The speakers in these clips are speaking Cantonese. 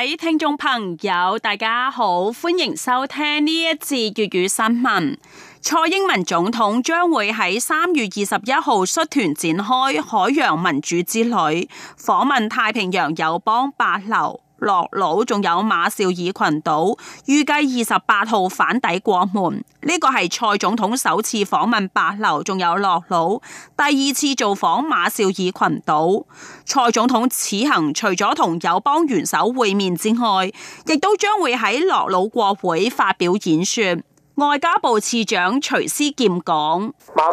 各位聽眾朋友，大家好，歡迎收聽呢一次粵語新聞。蔡英文總統將會喺三月二十一號率團展開海洋民主之旅，訪問太平洋友邦帛琉。諾魯仲有馬紹爾群島，預計二十八號返抵國門。呢個係蔡總統首次訪問帛琉，仲有諾魯第二次造訪馬紹爾群島。蔡總統此行除咗同友邦元首會面之外，亦都將會喺諾魯國會發表演說。外交部次長徐思劍講，馬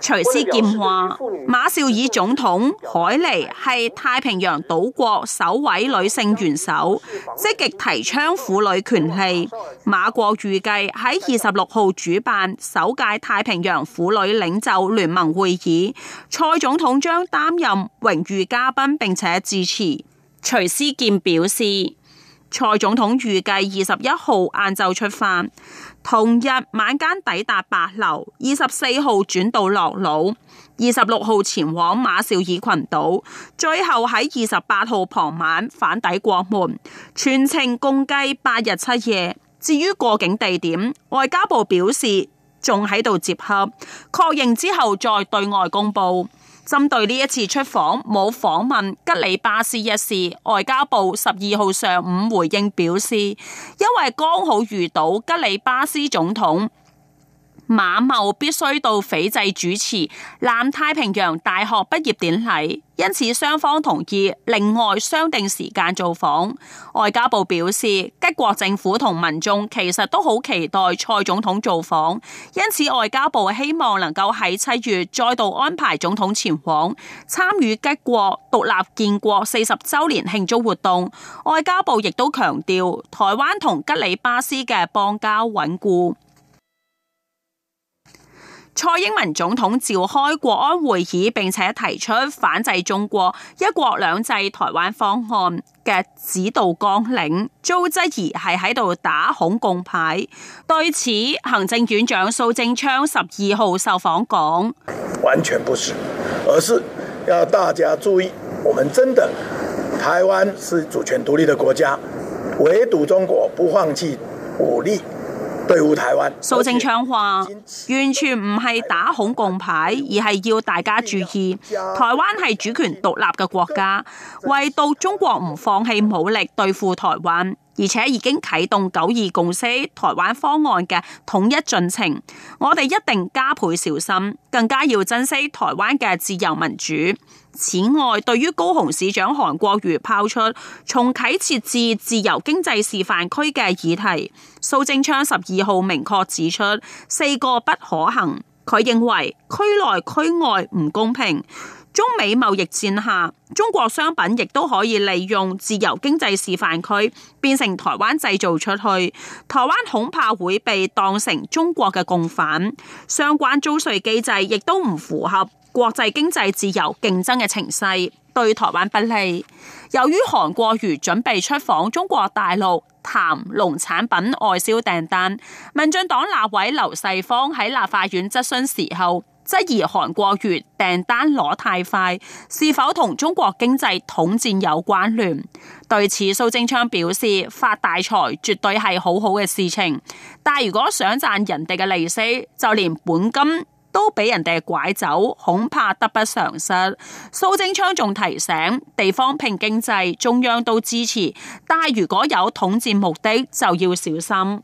徐思劍話：馬紹爾總統海尼係太平洋島國首位女性元首，積極提倡婦女權利。馬國預計喺二十六號主辦首屆太平洋婦女領袖聯盟會議，蔡總統將擔任榮譽嘉賓並且致辭。徐思劍表示。蔡總統預計二十一號晏晝出發，同日晚間抵達帛琉，二十四號轉到諾魯，二十六號前往馬紹爾群島，最後喺二十八號傍晚返抵國門，全程共計八日七夜。至於過境地點，外交部表示仲喺度接洽，確認之後再對外公布。針對呢一次出訪，冇訪問吉里巴斯一事，外交部十二號上午回應表示，因為剛好遇到吉里巴斯總統馬茂必須到斐濟主持南太平洋大學畢業典禮，因此雙方同意另外商定時間造訪。外交部表示，吉國政府同民眾其實都好期待蔡總統造訪，因此外交部希望能夠喺七月再度安排總統前往參與吉國獨立建國四十週年慶祝活動。外交部亦都強調台灣同吉里巴斯嘅邦交穩固。蔡英文總統召開國安會議，並且提出反制中國一國兩制台灣方案嘅指導綱領。遭質疑係喺度打恐共牌。對此，行政院長蘇貞昌十二號受訪講：完全不是，而是要大家注意，我們真的台灣是主權獨立的國家，唯獨中國不放棄武力。台灣。蘇貞昌話：完全唔係打恐共牌，而係要大家注意，台灣係主權獨立嘅國家，為到中國唔放棄武力對付台灣。而且已經啟動九二共識台灣方案嘅統一進程，我哋一定加倍小心，更加要珍惜台灣嘅自由民主。此外，對於高雄市長韓國瑜拋出重啟設置自由經濟示範區嘅議題，蘇貞昌十二號明確指出，四個不可行。佢認為區內區外唔公平。中美貿易戰下，中國商品亦都可以利用自由經濟示範區變成台灣製造出去。台灣恐怕會被當成中國嘅共犯，相關租稅機制亦都唔符合國際經濟自由競爭嘅情勢，對台灣不利。由於韓國瑜準備出訪中國大陸談農產品外銷訂單，民進黨立委劉世芳喺立法院質詢時候，質疑韓國瑜訂單攞太快，是否同中國經濟統戰有關聯？對此，蘇貞昌表示：發大財絕對係好好嘅事情，但如果想賺人哋嘅利息，就連本金都俾人哋拐走，恐怕得不償失。蘇貞昌仲提醒：地方拼經濟，中央都支持，但係如果有統戰目的，就要小心。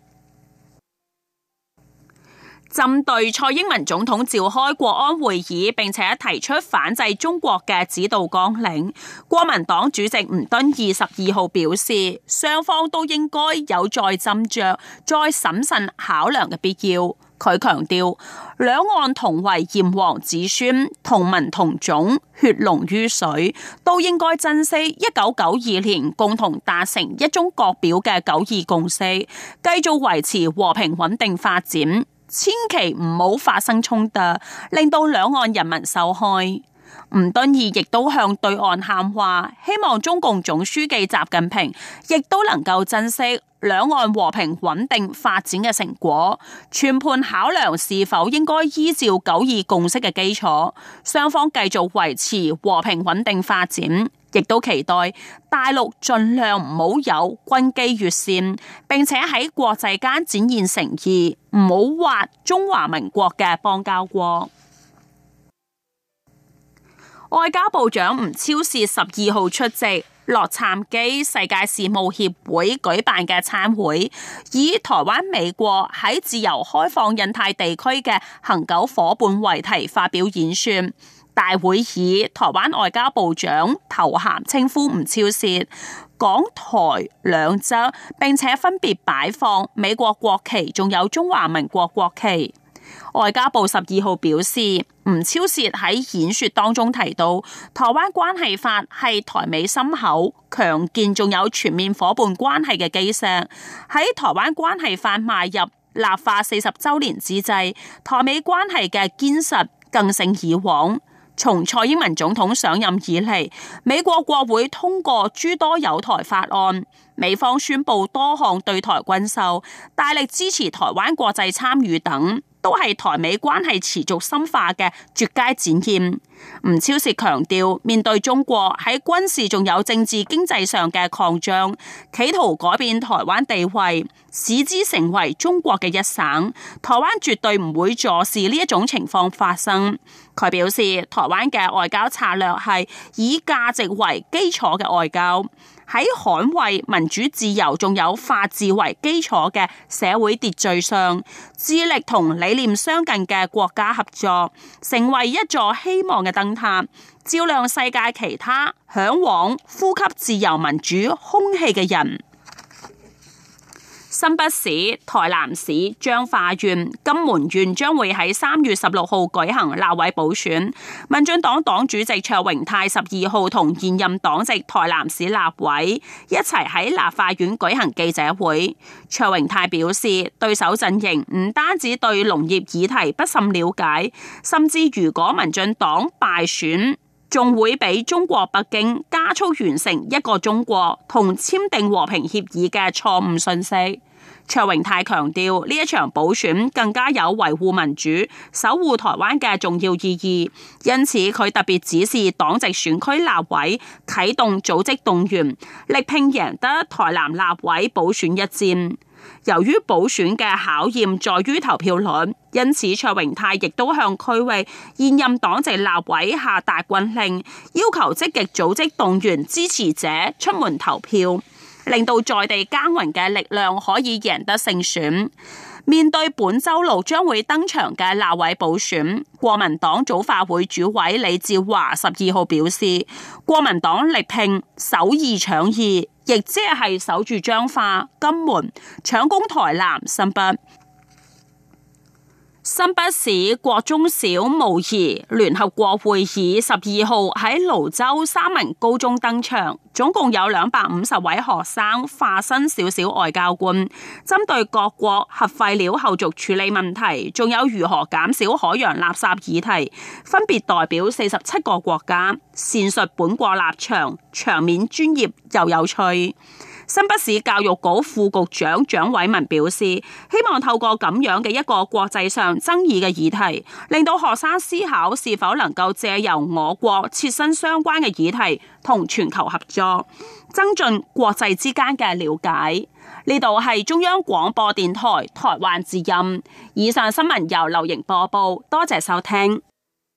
針對蔡英文總統召開國安會議，並且提出反制中國嘅指導綱領，國民黨主席吳敦義二十二號表示，雙方都應該有再斟酌、再審慎考量嘅必要。佢強調，兩岸同為炎黃子孫，同文同種，血濃於水，都應該珍惜一九九二年共同達成一中各表嘅九二共識，繼續維持和平穩定發展。千祈唔好發生衝突，令到兩岸人民受害。吳敦義亦都向對岸喊話，希望中共總書記習近平亦都能夠珍惜兩岸和平穩定發展嘅成果，全盤考量，是否應該依照九二共識嘅基礎，雙方繼續維持和平穩定發展。亦都期待大陸盡量唔好有軍機越線，並且喺國際間展現誠意，唔好挖中華民國嘅邦交國。外交部長吳釗燮十二號出席洛杉磯世界事務協會舉辦嘅參會，以台灣美國喺自由開放印太地區嘅恆久夥伴為題發表演說。大會以台灣外交部長頭銜稱呼吳釗燮，港台兩側，並且分別擺放美國國旗，仲有中華民國國旗。外交部十二號表示，吳釗燮喺演說當中提到，台灣關係法係台美深厚、強健，仲有全面夥伴關係嘅基石。喺台灣關係法邁入立法四十週年之際，台美關係嘅堅實更勝以往。從蔡英文總統上任以嚟，美國國會通過諸多友台法案，美方宣佈多項對台軍售，大力支持台灣國際參與等，都係台美關係持續深化嘅絕佳展現。吳釗燮強調，面對中國喺軍事、仲有政治、經濟上嘅擴張，企圖改變台灣地位。使之成為中國嘅一省，台灣絕對唔會坐視呢一種情況發生。佢表示，台灣嘅外交策略係以價值為基礎嘅外交，喺捍衛民主自由，仲有法治為基礎嘅社會秩序上，致力同理念相近嘅國家合作，成為一座希望嘅燈塔，照亮世界其他向往呼吸自由民主空氣嘅人。新北市、台南市、彰化縣、金門縣將會喺三月十六號舉行立委補選。民進黨黨主席卓榮泰十二號同現任黨籍台南市立委一齊喺立法院舉行記者會。卓榮泰表示，對手陣營唔單止對農業議題不甚了解，甚至如果民進黨敗選，仲會俾中國北京加速完成一個中國同簽訂和平協議嘅錯誤訊息。卓榮泰強調，呢一場補選更加有維護民主、守護台灣嘅重要意義，因此佢特別指示黨籍選區立委啟動組織動員，力拼贏得台南立委補選一戰。由於補選嘅考驗在於投票率，因此卓榮泰亦都向區域現任黨籍立委下達軍令，要求積極組織動員支持者出門投票。令到在地耕耘嘅力量可以贏得勝選。面對本周六將會登場嘅立委補選，國民黨組發會主委李哲華十二號表示，國民黨力拼守二搶二，亦即係守住彰化、金門，搶攻台南、新北。新北市國中小模擬聯合國會議十二號喺蘆洲三民高中登場，總共有兩百五十位學生化身小小外交官，針對各國核廢料後續處理問題，仲有如何減少海洋垃圾議題，分別代表四十七個國家，闡述本國立場，場面專業又有趣。新北市教育局副局長蔣偉文表示，希望透過咁樣嘅一個國際上爭議嘅議題，令到學生思考是否能夠借由我國切身相關嘅議題同全球合作，增進國際之間嘅了解。呢度係中央廣播電台台灣之音。以上新聞由劉瑩播報，多謝收聽。